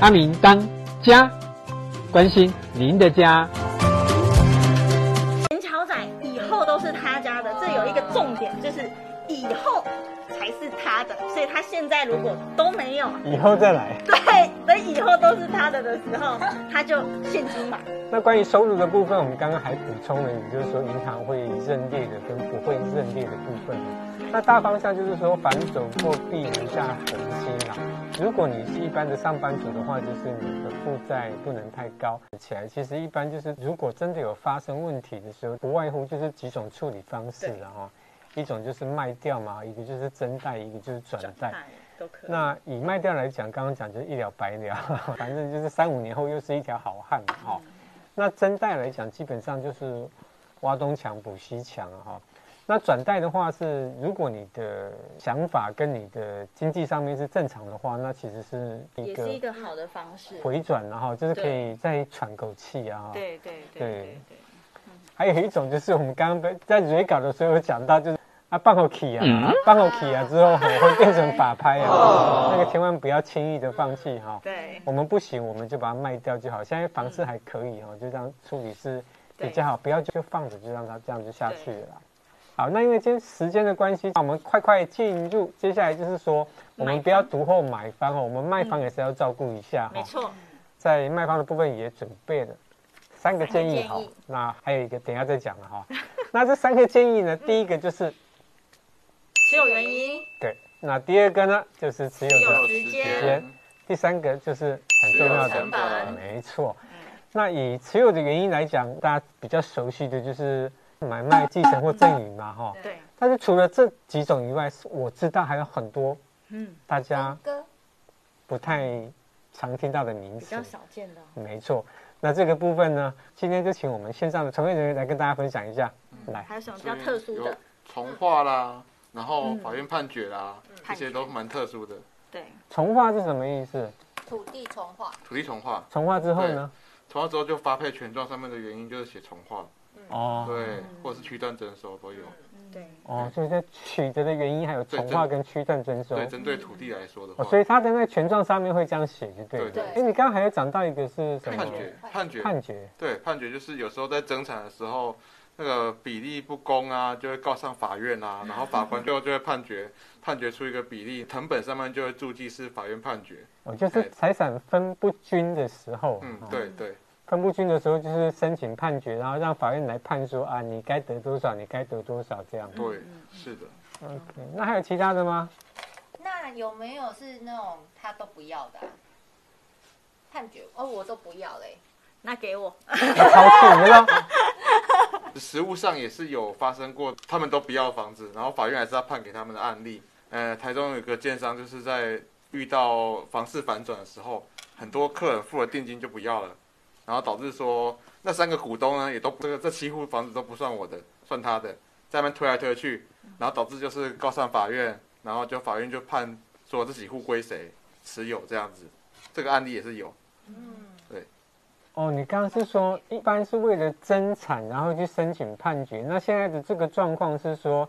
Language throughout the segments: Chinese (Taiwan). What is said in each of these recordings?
阿明當家，關心您的家。陳喬仔以後都是他家的，這有一個重點，就是以後。還是他的，所以他現在如果都沒有，以後再來。對，等以後都是他的的時候，他就現金買。那關於收入的部分，我們剛剛還補充了，也就是說銀行會認列的跟不會認列的部分。那大方向就是說，反手貨幣，留下恆心啦。如果你是一般的上班族的話，就是你的負債不能太高。起來，其實一般就是，如果真的有發生問題的時候，不外乎就是幾種處理方式了、啊一種就是賣掉嘛，一個就是增貸，一個就是轉貸，都可以。那以賣掉來講，剛剛講就是一了百了，呵呵反正就是三五年後又是一條好漢，哈、哦嗯。那增貸來講，基本上就是挖東牆補西牆，哈、哦。那轉貸的話是，如果你的想法跟你的經濟上面是正常的話，那其實是也是一個好的方式，回轉，然後就是可以再喘口氣啊對、哦，對對對對，對還有一種就是我們剛剛在瑞稿的時候有講到，就是。啊，放棄、嗯喔、啊！放棄啊！之後會變成法拍、喔、啊！那個千萬不要輕易的放棄哈、喔嗯。對，我們不行，我們就把它賣掉就好。現在房子還可以哈、喔，就這樣處理是比較好，不要就放着，就讓它這樣子下去了。好，那因為今天時間的關係，那我們快快進入。接下來就是說，我們不要獨厚買方哦、喔，我們賣方也是要照顧一下、喔嗯。沒錯，在賣方的部分也準備了三個建議哈、喔。那還有一個，等一下再講了哈。 那這三個建議呢？第一個就是，持有原因。對，那第二個呢，就是持有的時間；時間。第三個就是很重要的成本，沒錯、嗯。那以持有的原因來講，大家比較熟悉的就是買賣、繼承或贈與嘛，哈、嗯哦。對。但是除了這幾種以外，我知道還有很多，嗯，大家不太常聽到的名詞，嗯、比較少見的、哦，沒錯。那這個部分呢，今天就請我們線上的從業人員來跟大家分享一下，嗯、來。還有什麼比較特殊的？重劃啦。然後法院判決啊，嗯、這些都蠻特殊的。嗯、對，從化是什麼意思？土地從化。土地從化，從化之後呢？從化之後就發配權狀，上面的原因就是寫從化。哦、嗯。對，或者是區段徵收都有、嗯。對。哦，就是取得的原因還有從化跟區段徵收，針對,對,對土地來說的話。話、哦、所以他在那個權狀上面會這樣寫，就對。對對,對。哎、欸，你剛剛還有講到一個是什麼、欸？判決。判決。判決。對，判決就是有時候在增產的時候。那個比例不公啊，就會告上法院啊，然後法官最後就會判決， 判決出一個比例，謄本上面就會注記是法院判決。哦，就是財產分不均的時候。哦、嗯，對對，分不均的時候就是申請判決，然後讓法院來判說啊，你該得多少，你該得多少這樣。對，是的。Okay, 那還有其他的嗎？那有沒有是那種他都不要的、啊、判決？哦，我都不要嘞。那給我，超出了。實務上也是有發生過，他們都不要房子，然後法院還是要判給他們的案例。呃，台中有個建商，就是在遇到房市反轉的時候，很多客人付了定金就不要了，然後導致說那三個股東呢，也都這個這七戶房子都不算我的，算他的，在那邊推來推去，然後導致就是告上法院，然後就法院就判說這幾戶歸誰持有這樣子，這個案例也是有。嗯哦，你剛剛是說一般是為了爭產，然後去申請判決。那現在的這個狀況是說，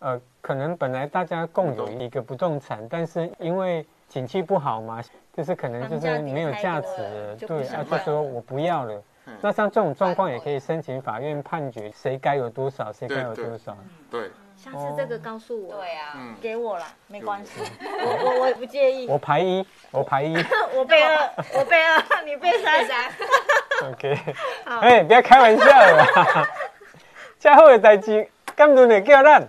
呃，可能本來大家共有一個不動產，但是因為景氣不好嘛，就是可能就是沒有價值了，對，他、啊、就說我不要了。那像這種狀況也可以申請法院判決，誰該有多少，誰該有多少，對。下次這個告訴我，對、oh, 啊、嗯，給我啦，沒關係，我我我也不介意。我排一，我排一， 我排背二， 我排背二， 你排三。三。OK，哎、欸，不要開玩笑了嘛。 這麼好的事情，甘多人叫咱。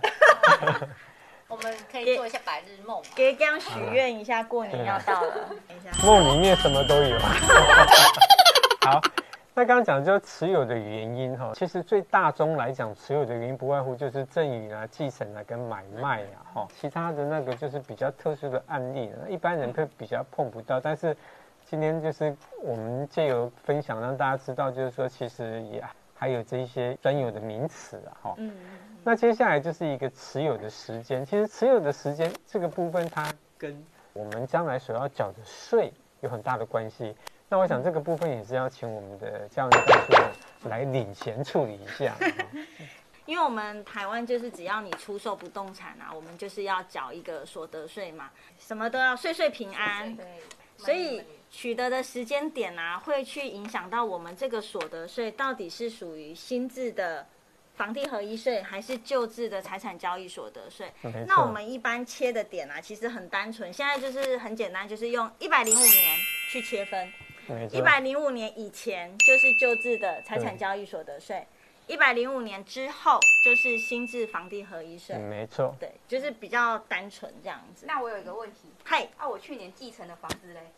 我們可以做一下白日夢，給剛剛許願一下，過年要到了， 對啊、 等一下。夢裡面什麼都有。 好。那剛剛講就是持有的原因哈，其實最大宗來講持有的原因不外乎就是贈與啊、繼承啊跟買賣啊哈，其他的那個就是比較特殊的案例，一般人會比較碰不到。但是今天就是我們借由分享讓大家知道，就是說其實也還有這些專有的名詞啊哈。那接下來就是一個持有的時間，其實持有的時間這個部分它跟我們將來所要繳的稅有很大的關係。那我想這個部分也是要請我們的教育女士來領銜處理一下， 因為我們台灣就是只要你出售不動產啊，我們就是要繳一個所得稅嘛，什麼都要稅稅平安，對，所以取得的時間點啊，會去影響到我們這個所得稅到底是屬於新制的房地合一稅，還是舊制的財產交易所得稅？那我們一般切的點啊，其實很單純，現在就是很簡單，就是用一百零五年去切分。一百零五年以前就是舊制的財產交易所得稅，一百零五年之後就是新制房地合一稅。沒錯，對，就是比較單純這樣子。那我有一個問題，嗨，啊，我去年繼承的房子嘞？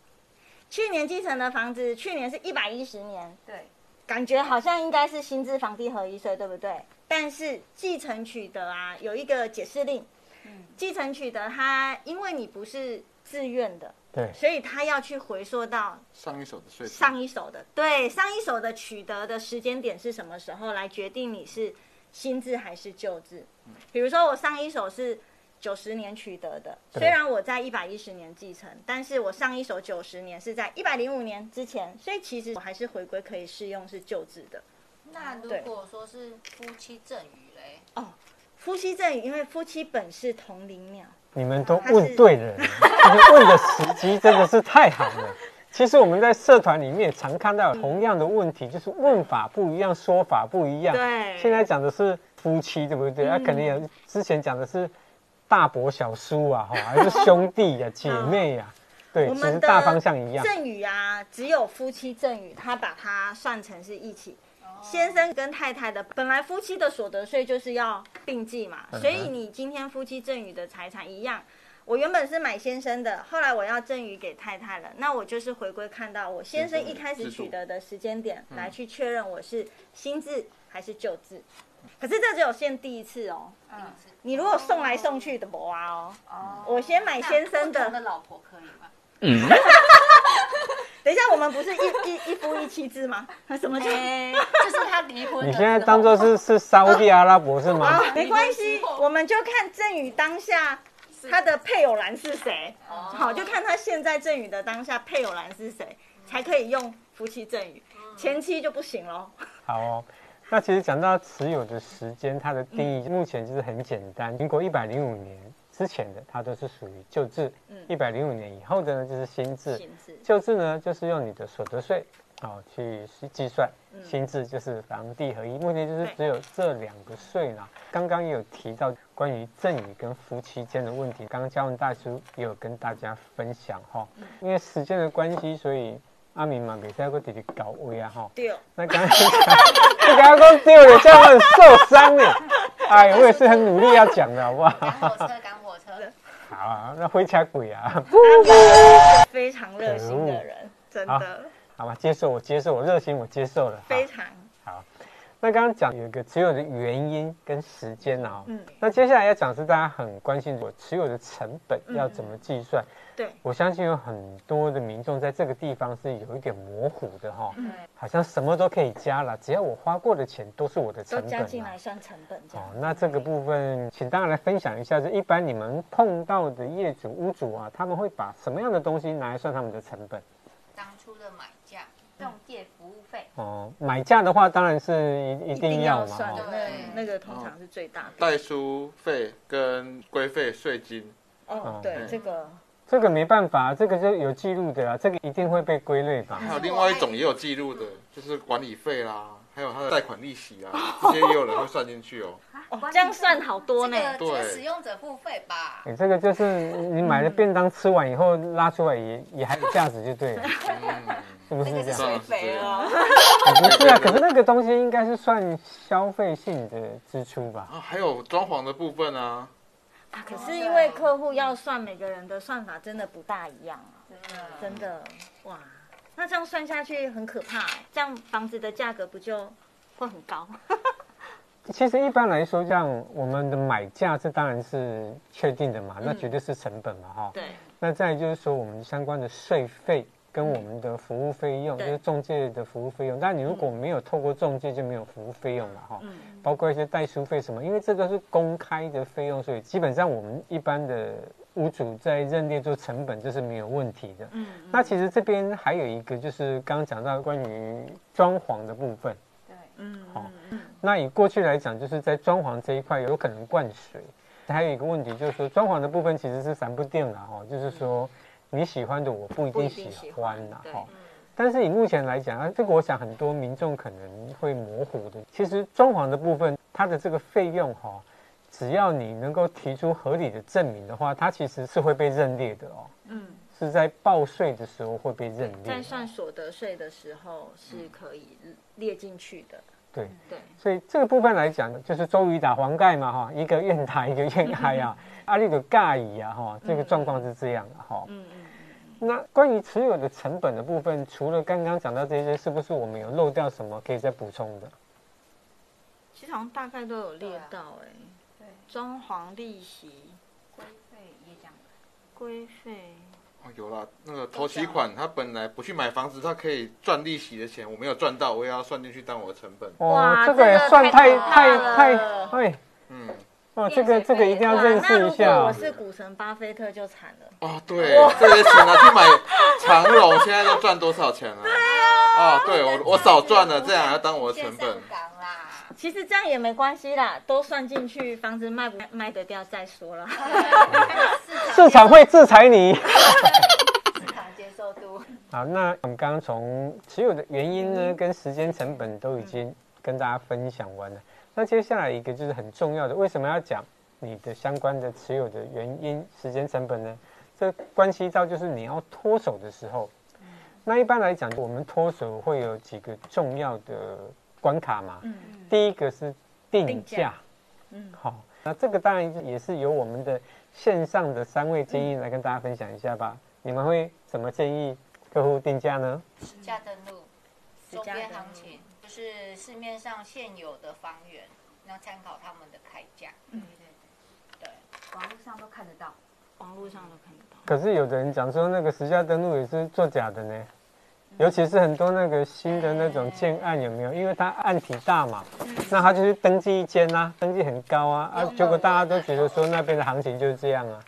去年繼承的房子，去年是一百一十年，對，感覺好像應該是新制房地合一稅，對不對？但是繼承取得啊，有一個解釋令，嗯，繼承取得它，因為你不是自願的。對，所以他要去回溯到上一手的稅，上一手的對，上一手的取得的時間點是什麼時候來決定你是新制還是舊制？比如說我上一手是九十年取得的，雖然我在一百一十年繼承，但是我上一手九十年是在一百零五年之前，所以其實我還是回歸可以適用是舊制的。那如果說是夫妻贈與嘞？哦，夫妻贈與，因為夫妻本是同林鳥。你們都問對人， 問的時機真的是太好了。其實我們在社團裡面常看到有同樣的問題，嗯，就是問法不一樣，嗯，說法不一樣。對，現在講的是夫妻，對不對？那肯定有之前講的是大伯小叔啊，還是兄弟呀，啊、 姐妹呀，啊啊，對，其實大方向一樣。贈與啊，只有夫妻贈與，他把它算成是一起。先生跟太太的本來夫妻的所得稅就是要併計嘛、嗯，所以你今天夫妻贈與的財產一樣。我原本是買先生的，後來我要贈與給太太了，那我就是回歸看到我先生一開始取得的時間點、嗯、來去確認我是新制還是舊制。可是這只有限第一次哦，嗯嗯，你如果送來送去的哇哦、嗯，我先買先生的老婆可以嗎？嗯。 等一下，我們不是一一一夫一妻制嗎？什麼,叫什麼？就是他離婚。你現在當作是是沙烏地阿拉伯是嗎？ 沒關係，我們就看贈與當下他的配偶欄是誰。好，就看他現在贈與的當下配偶欄是誰，才可以用夫妻贈與，前妻就不行嘍。好、哦，那其實講到持有的時間，它的定義 目前就是很簡單，民國一百零五年。之前的它都是屬於舊制，嗯，一百零五年以後的呢，就是新制。舊制呢就是用你的所得稅啊、哦、去計算，嗯、新制就是房地合一。目、嗯、前就是只有這兩個稅呢。剛剛也有提到關於贈與跟夫妻間的問題，剛剛嘉文大叔也有跟大家分享哈、嗯。因為時間的關係，所以阿明嘛沒在個弟弟搞位啊哈。那剛剛這個阿公丟的很受傷呢。 哎我也是很努力要講的好不好？ 啊，那會掐鬼啊！阿、啊、 是非常熱心的人，真的，啊。好吧，接受我，接受我，熱心我接受了。非常。那剛剛講有一個持有的原因跟時間啊，嗯，那接下來要講是大家很關心我持有的成本要怎麼計算？對，我相信有很多的民眾在這個地方是有一點模糊的哈、哦，好像什麼都可以加了，只要我花過的錢都是我的成本，都加進來算成本這樣。哦，那這個部分，請大家來分享一下，就一般你們碰到的業主屋主啊，他們會把什麼樣的東西拿來算他們的成本？當初的買價，用電。哦，買價的話當然是一一定，嘛一定要算，的、哦。對對對那個通常是最大的、哦。代書費跟規費稅金，哦，哦嗯、對，這、欸、個這個沒辦法，這個就有記錄的啦，這個一定會被歸類吧。還有另外一種也有記錄的、嗯，就是管理費啦，還有他的貸款利息啊，這些也有人會算進去、喔、哦、啊。這樣算好多呢，對，使用者付費吧。你、欸、這個就是你買了便當吃完以後、嗯、拉出來也也還有價值，就對了。 嗯是不是這樣，欸肥 欸、不是啊，可是那個東西應該是算消費性的支出吧？啊，還有裝潢的部分呢、啊。啊，可是因為客戶要算每個人的算法，真的不大一樣、啊嗯、真的、嗯，哇，那這樣算下去很可怕、欸，這樣房子的價格不就會很高？ 其實一般來說，像我們的買價，這當然是確定的嘛、嗯，那絕對是成本嘛、哦，哈，對。那再就是說，我們相關的稅費。跟我們的服務費用，就是中介的服務費用。但你如果沒有透過中介，就沒有服務費用了哈、嗯。包括一些代書費什麼，因為這個是公開的費用，所以基本上我們一般的屋主在認定做成本，就是沒有問題的。嗯，嗯，那其實這邊還有一個就是剛剛講到關於裝潢的部分。對，嗯，好。那以過去來講，就是在裝潢這一塊有可能灌水，還有一個問題就是說裝潢的部分其實是三部限的哈，就是說。你喜歡的我不一定喜歡啦。哈、嗯，但是以目前來講啊，這個我想很多民眾可能會模糊的。其實裝潢的部分，它的這個費用哈、哦，只要你能夠提出合理的證明的話，它其實是會被認列的哦。嗯，是在報稅的時候會被認列，在算所得稅的時候是可以列進去的。嗯對、嗯，對，所以這個部分來講呢，就是周瑜打黃蓋嘛，哈，一個願打一個願挨啊，阿那個尬椅啊，哈，這個狀況是這樣的，哈。嗯嗯。那關於持有的成本的部分，除了剛剛講到這些，是不是我們有漏掉什麼可以再補充的？其實好像大概都有列到、欸，哎、啊，對，裝潢利息、規費也講了，規費。有啦，那個頭期款，他本來不去買房子，他可以賺利息的錢，我沒有賺到，我也要算進去當我的成本。哇，這個也算太太太會、哎，嗯，哇、啊，這個這個一定要認識一下。那如果我是股神巴菲特就慘了。哦，對，這些錢拿去買長榮，現在都賺多少錢了？啊，哦、對我我少賺了，這樣要當我的成本。其實這樣也沒關係啦，都算進去，房子賣不賣得掉再說了 市。市場會制裁你，市場接受度。好，那我們剛剛從持有的原因呢，嗯、跟時間成本都已經跟大家分享完了、嗯。那接下來一個就是很重要的，為什麼要講你的相關的持有的原因、時間成本呢？這關係到就是你要脫手的時候。嗯、那一般來講，我們脫手會有幾個重要的。關卡嘛，嗯嗯，第一個是定價，嗯，好，那這個當然也是由我們的線上的三位精英來跟大家分享一下吧。嗯，你們會怎麼建議客戶定價呢？嗯、實價登錄，週邊行情就是市面上現有的房源，要參考他們的開價。對對對，對，網絡上都看得到，網絡上都看得到。可是有的人講說那個實價登錄也是作假的呢。尤其是很多那個新的那種建案，有沒有？因為它案體大嘛，嗯、那它就是登記一間吶、啊，登記很高啊，嗯、啊，結果大家都覺得說那邊的行情就是這樣啊。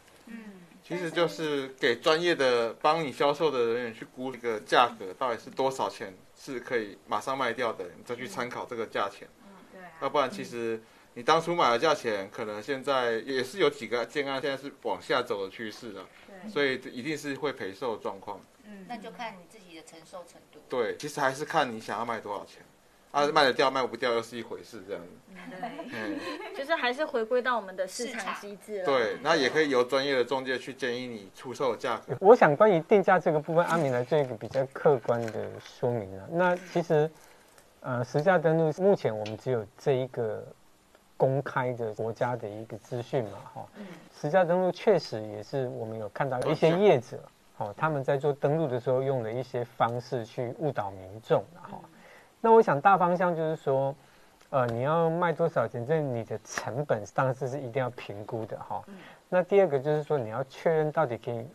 其實就是給專業的幫你銷售的人員去估一個價格，嗯，到底是多少錢是可以馬上賣掉的，嗯、你再去參考這個價錢，嗯啊。要不然其實。嗯你當初買的價錢，可能現在也是有幾個建案，現在是往下走的趨勢的，所以一定是會賠售的狀況。嗯，那就看你自己的承受程度。對，其實還是看你想要賣多少錢，嗯、啊，賣得掉賣不掉又是一回事，這樣、嗯、就是其還是回歸到我們的市場機制、啊。對，那也可以由專業的中介去建議你出售的價格。我想關於定價這個部分，阿明來做一個比較客觀的說明了。那其實，呃，實價登錄目前我們只有這一個。公開的國家的一個資訊嘛，哈、哦，實、嗯、價登錄，確實也是我們有看到一些業者，哦，他們在做登錄的時候用的一些方式去誤導民眾、哦嗯，那我想大方向就是說，呃，你要賣多少錢，這你的成本當然是是一定要評估的，哈、哦嗯。那第二個就是說，你要確認到底可以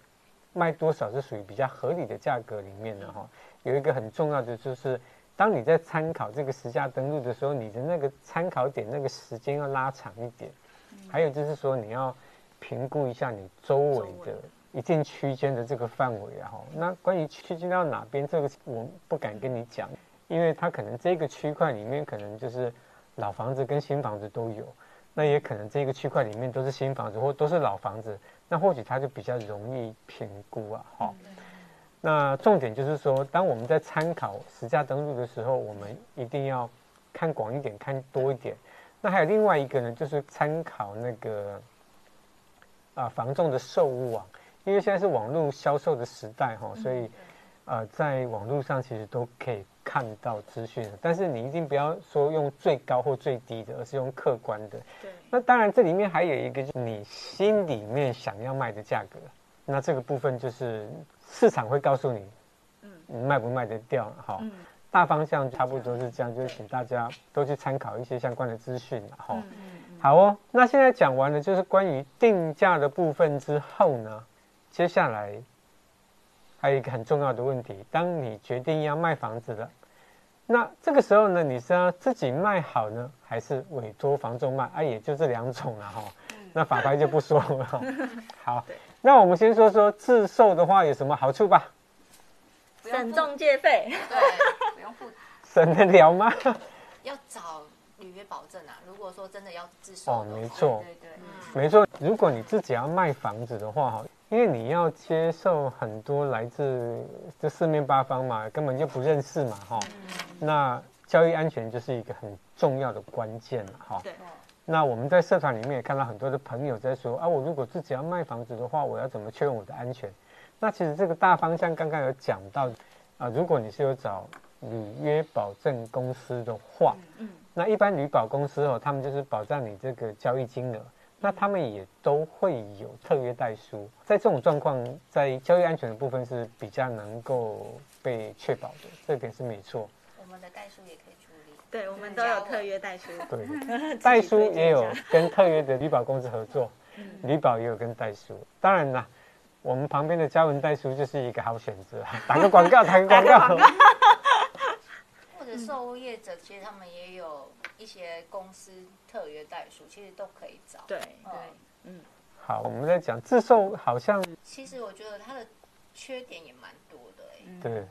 賣多少是屬於比較合理的價格裡面的哈、哦。有一個很重要的就是。當你在參考這個實價登錄的時候，你的那個參考點那個時間要拉長一點，還有就是說你要評估一下你周圍的一定區間的這個範圍啊哈。那關於區間到哪邊，這個我不敢跟你講，因為它可能這個區塊裡面可能就是老房子跟新房子都有，那也可能這個區塊裡面都是新房子或都是老房子，那或許它就比較容易評估啊哈。那重點就是說，當我們在參考實價登錄的時候，我們一定要看廣一點，看多一點。那還有另外一個呢，就是參考那個啊、呃，房仲的售物網，因為現在是網絡銷售的時代哈，所以啊、嗯呃，在網絡上其實都可以看到資訊。但是你一定不要說用最高或最低的，而是用客觀的。那當然，這裡面還有一個，就是你心裡面想要賣的價格。那這個部分就是。市場會告訴你，你賣不賣得掉。嗯哦嗯、大方向差不多是這樣，就請大家都去參考一些相關的資訊哦、嗯嗯嗯、好哦，那現在講完了就是關於定價的部分之後呢，接下來還有一個很重要的問題，當你決定要賣房子了，那這個時候呢，你是要自己賣好呢，還是委託房仲賣？哎、啊，也就這兩種了哈、哦嗯。那法拍就不說了。 哦、好。那我們先說說自售的話有什麼好處吧，省中介費，對， 不用付，省得了嗎？要找履約保證啊！如果說真的要自售的話，哦，沒錯對對對、嗯，沒錯。如果你自己要賣房子的話哈，因為你要接受很多來自這四面八方嘛，根本就不認識嘛哈、哦嗯，那。交易安全就是一個很重要的關鍵了哈。對，哦。那我們在社團裡面也看到很多的朋友在說啊，我如果自己要賣房子的話，我要怎麼確認我的安全？那其實這個大方向剛剛有講到啊，呃，如果你是有找履約保證公司的話，嗯，那一般履保公司哦，他們就是保障你這個交易金額，那他們也都會有特約代書，在這種狀況，在交易安全的部分是比較能夠被確保的，這點是沒錯。我們的代書也可以處理。對，我們都有特約代書。對，代書也有跟特約的履保公司合作，嗯、履保也有跟代書。當然啦，我們旁邊的嘉文代書就是一個好選擇，打個廣告，打個廣告。或者售屋業者，其實他們也有一些公司特約代書，其實都可以找。對對，嗯。好，我們在講自售，好像、嗯、其實我覺得它的缺點也蠻多的、欸嗯，對。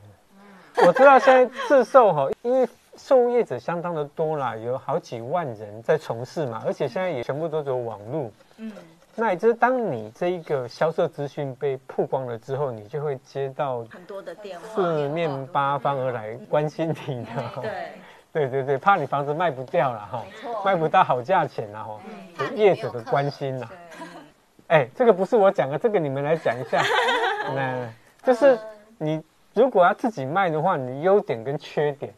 我知道現在自售哈，因為售業者相當的多啦，有好幾萬人在從事嘛，而且現在也全部都走網路。嗯，那也就是當你這一個銷售資訊被曝光了之後，你就會接到很多的電話，四面八方而來關心你的。對，對對對，怕你房子賣不掉了哈，賣不到好價錢了哈，有業者的關心吶。哎，這個不是我講的，這個你們來講一下。那就是你。如果要自己賣的話，你的優點跟缺點。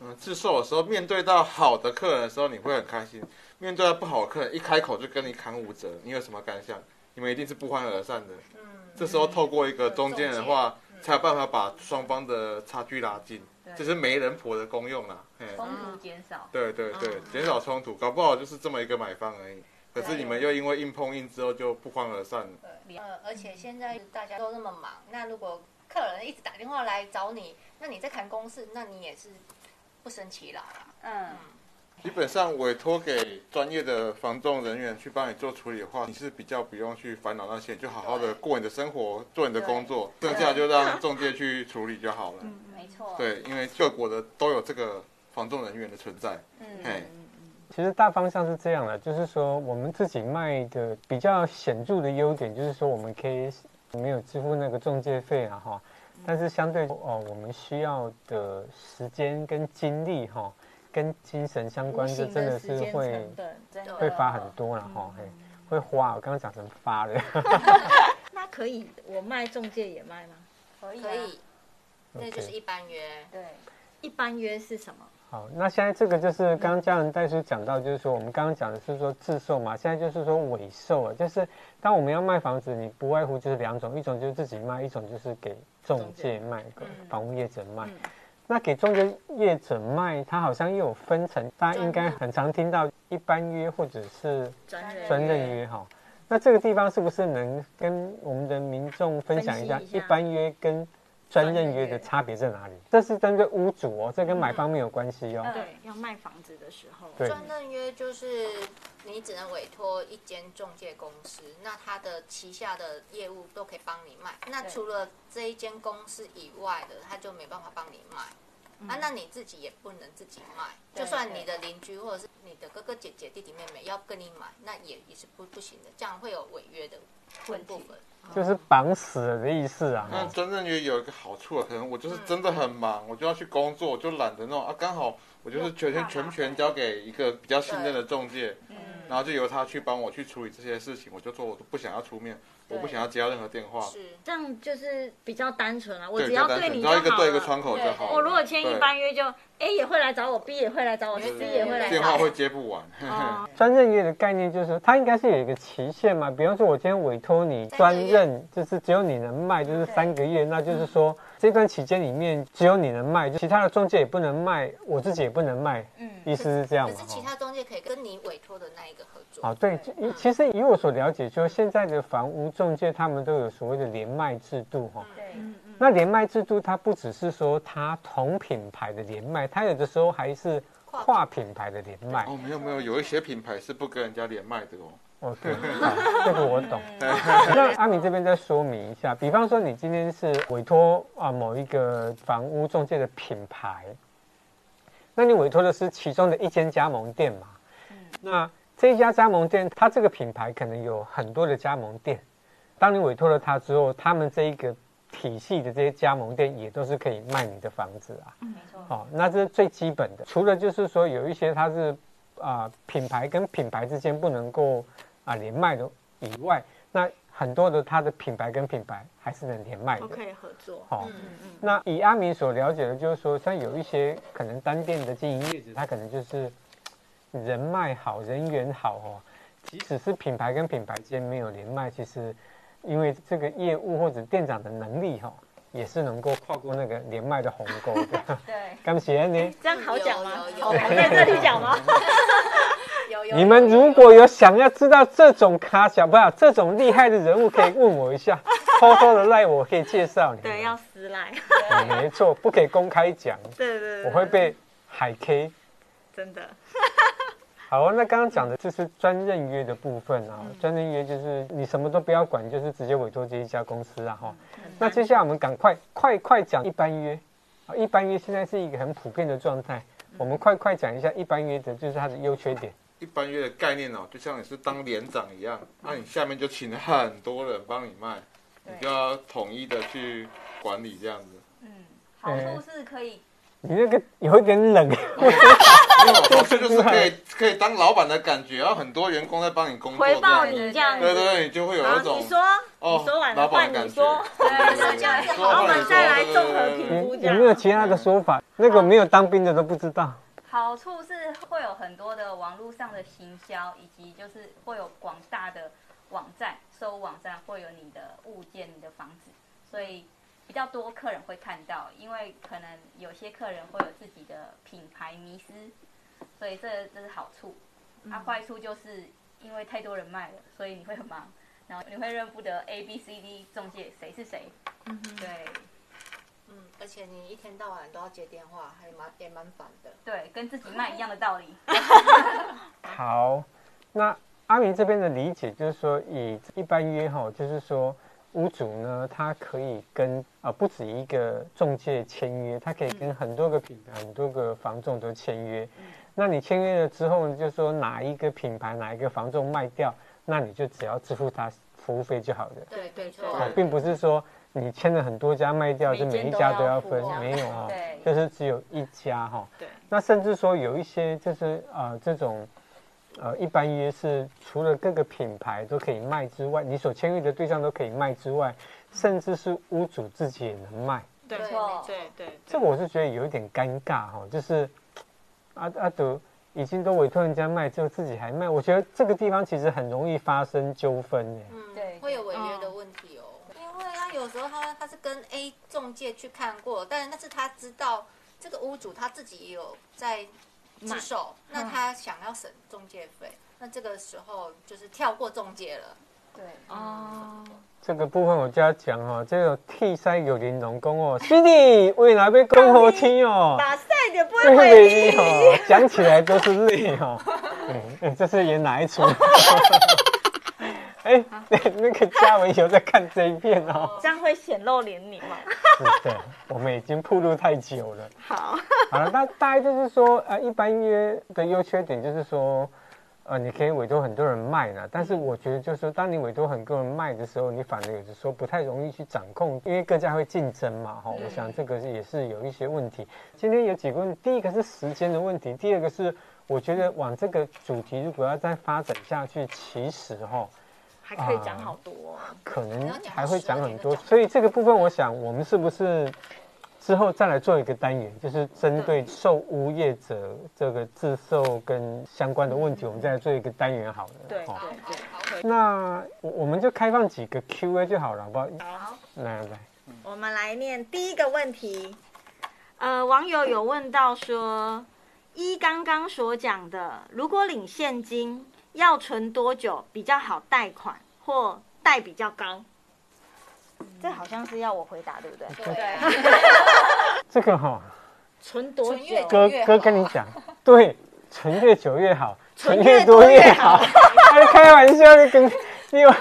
嗯，自售的時候，面對到好的客人的時候，你會很開心；面對到不好的客人，一開口就跟你砍五折，你有什麼感想？你們一定是不歡而散的。嗯，這時候透過一個中間的話、嗯嗯，才有辦法把雙方的差距拉近，這、嗯就是媒人婆的功用啦、啊。衝突減少。對對減、嗯、少衝突，搞不好就是這麼一個買方而已。可是你們又因為硬碰硬之後就不歡而散了。呃，而且現在大家都那麼忙，那如果。客人一直打電話來找你，那你在談公事，那你也是不生氣啦？嗯，基本上委托給專業的房仲人員去幫你做處理的話，你是比較不用去煩惱那些，就好好的過你的生活，做你的工作，剩下，就讓中介去處理就好了。 嗯，沒錯。對，因為各國的都有這個房仲人員的存在。嗯，其實大方向是這樣的，就是說我們自己賣的比較顯著的優點，就是說我們可以。沒有支付那個仲介費啊哈，但是相對哦，我們需要的時間跟精力哈、哦，跟精神相關，的這真的是會真的會發很多了哈、嗯，會花。我剛剛講成發了。 那可以，我賣仲介也賣嗎？可以、啊，這、okay、就是一般約。對，一般約是什麼？好，那現在這個就是剛家人代書講到，就是說我們剛剛講的是說自售嘛，現在就是說委售啊，就是當我們要賣房子，你不外乎就是兩種，一種就是自己賣，一種就是給中介賣、嗯、房屋業者賣、嗯。那給中介業者賣，他好像又有分成，嗯、大家應該很常聽到一般約或者是專任約哈。那這個地方是不是能跟我們的民眾分享一下，一，下一般約跟？專任約的差別在哪裡？啊、對對對，這是針對屋主哦、喔，這跟買方沒有關係哦、喔嗯。對，要賣房子的時候，專任約就是你只能委托一間仲介公司，那他的旗下的業務都可以幫你賣。那除了這一間公司以外的，他就沒辦法幫你賣。啊，那你自己也不能自己賣。嗯、就算你的鄰居或者是你的哥哥姐姐、弟弟妹妹要跟你買，那也也是不不行的，這樣會有違約的部分問題。就是綁死的意思啊。那真正也有一個好處、啊，可能我就是真的很忙、嗯，我就要去工作，我就懶得弄啊。剛好我就是全、嗯、全全交給一個比較信任的中介、嗯，然後就由他去幫我去處理這些事情，我就說，我都不想要出面。我不想要接到任何電話，是這樣就是比較單純啊。我只要對你要一個對一個窗口就好。我如果簽一般約就，就 A 也會來找我，B 也會來找我對對對，C 也會來找對對對。電話會接不完。專任約的概念就是，它應該是有一個期限嘛。比方說，我今天委託你專任，就是只有你能賣，就是三個月，那就是說。嗯這段期間裡面，只有你能賣，其他的中介也不能賣，我自己也不能賣。嗯，意思是這樣嗎？可是，可是其他中介可以跟你委托的那一個合作。哦，對，對，其實以我所了解，就是現在的房屋中介，他們都有所謂的聯賣制度，哈。那聯賣制度，它不只是說它同品牌的聯賣，它有的時候還是跨品牌的聯賣。哦，沒有沒有，有一些品牌是不跟人家聯賣的哦。Okay, 哦，這個我懂。那阿明這邊再說明一下，比方說你今天是委托啊、呃、某一個房屋中介的品牌，那你委托的是其中的一間加盟店嘛、嗯？那這一家加盟店，它這個品牌可能有很多的加盟店。當你委托了它之後，他們這一個體系的這些加盟店也都是可以賣你的房子啊。嗯、沒錯。哦，那這是最基本的。除了就是說有一些它是啊、呃、品牌跟品牌之間不能夠。啊，連麥的以外，那很多的它的品牌跟品牌還是能連麥的。可、okay, 以合作。好、哦嗯嗯，那以阿明所了解的，就是說，像有一些可能單店的經營業者，他可能就是人脈好人緣好哦，即使是品牌跟品牌間沒有連麥，其實因為這個業務或者店長的能力哈、哦，也是能夠跨過那個連麥的鴻溝的。 對，感謝呢。這樣好講嗎？好在這裡講嗎？ 對 你們如果有想要知道這種卡小不，這種厲害的人物可以問我一下，偷偷的賴我可以介紹你 對。對，要私賴。沒錯，不可以公開講。對，對對對。我會被海 K。真的。好，那剛剛講的就是專任約的部分啊，嗯，專任約就是你什麼都不要管，就是直接委託這一家公司啊哈。那接下來我們趕快，快快快講一般約啊，一般約現在是一個很普遍的狀態，我們快快講一下一般約的就是它的優缺點。一般約的概念哦，就像你是當連長一樣，那、啊、你下面就請了很多人幫你賣，你就要統一的去管理這樣子。嗯，好處是可以。哦、你這個有一點冷。哈哈哈！好處就是可以， 可以可以當老板的感覺，然後很多員工在幫你工作，回報你這樣子，對對對，你就會有一種你說，哦，你說完板，你說，哈老板再來綜合評估。有沒有其他的說法？嗯、那個沒有當兵的都不知道。好處是會有很多的網絡上的行銷，以及就是會有廣大的網站、搜網站會有你的物件、你的房子，所以比較多客人會看到。因為可能有些客人會有自己的品牌迷思，所以這這是好處。啊，壞處就是因為太多人賣了，所以你會很忙，然後你會認不得 A、B、C、D 仲介誰是誰，嗯哼，對。而且你一天到晚都要接電話，還蠻也蠻煩的。對，跟自己賣一樣的道理。 好，那阿明這邊的理解就是說，以一般約齁，就是說屋主呢，他可以跟啊、呃、不止一個中介簽約，他可以跟很多個品牌、嗯、很多個房仲都簽約、嗯。那你簽約了之後，就是說哪一個品牌、哪一個房仲賣掉，那你就只要支付他服務費就好了。對對對，對，、喔、對，對，並不是說。你簽了很多家賣掉，就每,每一家都要分、哦，沒有啊、哦？就是只有一家哈、哦。那甚至說有一些就是啊、呃，這種呃，一般約是除了各個品牌都可以賣之外，你所簽約的對象都可以賣之外，甚至是屋主自己也能賣。對對對,對。對這個我是覺得有一點尷尬哈、哦，就是阿阿祖已經都委托人家賣之後，自己還賣，我覺得這個地方其實很容易發生糾紛耶說他他是跟 A 仲介去看過，但是，但是他知道這個屋主他自己也有在自售，那他想要省仲介費，那這個時候就是跳過仲介了。對、嗯、哦，這個部分我要講哦，這個替塞有靈龍功哦，兄弟未來被公婆聽哦、喔，打賽就不會為你哦，講、喔、起來都是淚哦、喔 嗯嗯，這是演哪一出？ 哎、欸啊，那那個嘉文有在看這一片哦。這樣會顯露年齡嗎？對，我們已經暴露太久了。好，好，那大概就是說，呃，一般約的優缺點就是說，呃，你可以委托很多人賣呢，但是我覺得就是說，當你委托很多人賣的時候，你反而有的時候不太容易去掌控，因為各家會競爭嘛，哈。我想這個是也是有一些問題。今天有幾個問題，第一個是時間的問題，第二個是我覺得往這個主題如果要再發展下去，其實哈、哦。還可以講好多哦。啊，可能還會講很多，所以這個部分，我想我們是不是之後再來做一個單元，就是針對售屋業者這個自售跟相關的問題，我們再來做一個單元，好了。對對對。那我我們就開放幾個 Q A 就好了，好不好？好。來來，我們來念第一個問題。呃，網友有問到說，一剛剛所講的，如果領現金，要存多久比較好貸款或貸比較高？嗯，這好像是要我回答，對不對？對，啊。 這個哈，存多久……哥哥跟你講， 對，存越久越好，存越多越好， 哎。開玩笑，你跟你玩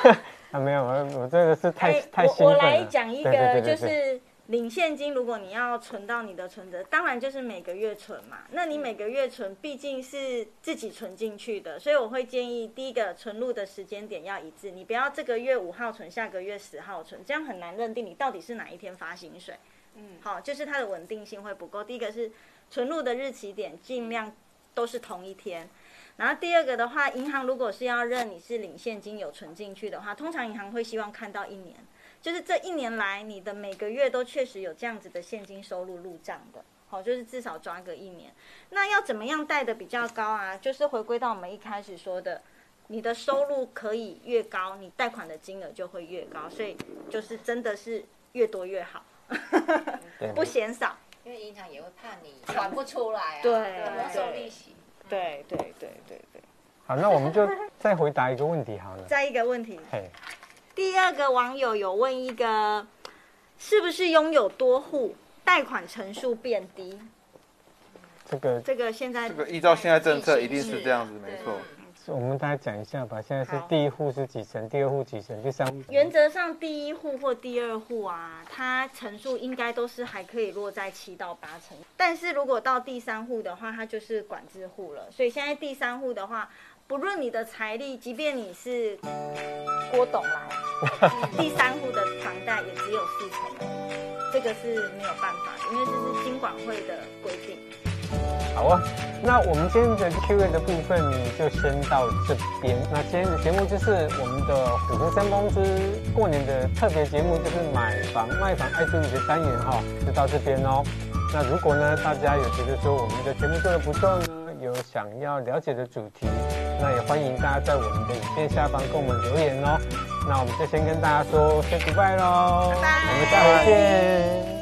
啊，沒有我，我真的是太太，欸，我我來講一個，對對對對，就是。領現金，如果你要存到你的存折，當然就是每個月存嘛。那你每個月存，畢竟是自己存進去的，所以我會建議第一個存入的時間點要一致，你不要這個月五號存，下個月十號存，這樣很難認定你到底是哪一天發薪水。嗯，好，就是它的穩定性會不夠。第一個是存入的日期點盡量都是同一天，然後第二個的話，銀行如果是要認你是領現金有存進去的話，通常銀行會希望看到一年。就是這一年來，你的每個月都確實有這樣子的現金收入入賬的，好、哦，就是至少抓個一年。那要怎麼樣貸的比較高啊？就是回歸到我們一開始說的，你的收入可以越高，你貸款的金額就會越高，所以就是真的是越多越好， 不嫌少。因為銀行也會怕你還不出來啊，多收利息。對對對對對。好，那我們就再回答一個問題好了。 再一個問題。Hey. 第二個網友有問一個，是不是擁有多戶，貸款成數變低？這個、嗯、這個現在這個依照現在政策，一定是這樣子，沒錯。我們大家講一下吧。現在是第一戶是幾成，第二戶幾成，就三原則上，第，上第一戶或第二戶啊，它成數應該都是還可以落在七到八成。但是如果到第三戶的話，它就是管制戶了。所以現在第三戶的話。不論你的財力，即便你是郭董來， 第三戶的房貸也只有四成，這個是沒有辦法，因為這是金管會的規定。好啊，那我們今天的 Q&A 的部分就先到這邊。那今天的節目就是我們的《虎福生風之過年的特別節目》，就是買房、賣房、愛注意你的單元哈、哦，就到這邊哦。那如果呢，大家有覺得說我們的節目做的不錯呢，有想要了解的主題。那也歡迎大家在我們的影片下方跟我們留言哦。那我們就先跟大家說，say goodbye 嘍，Bye. 我們下回見。Bye.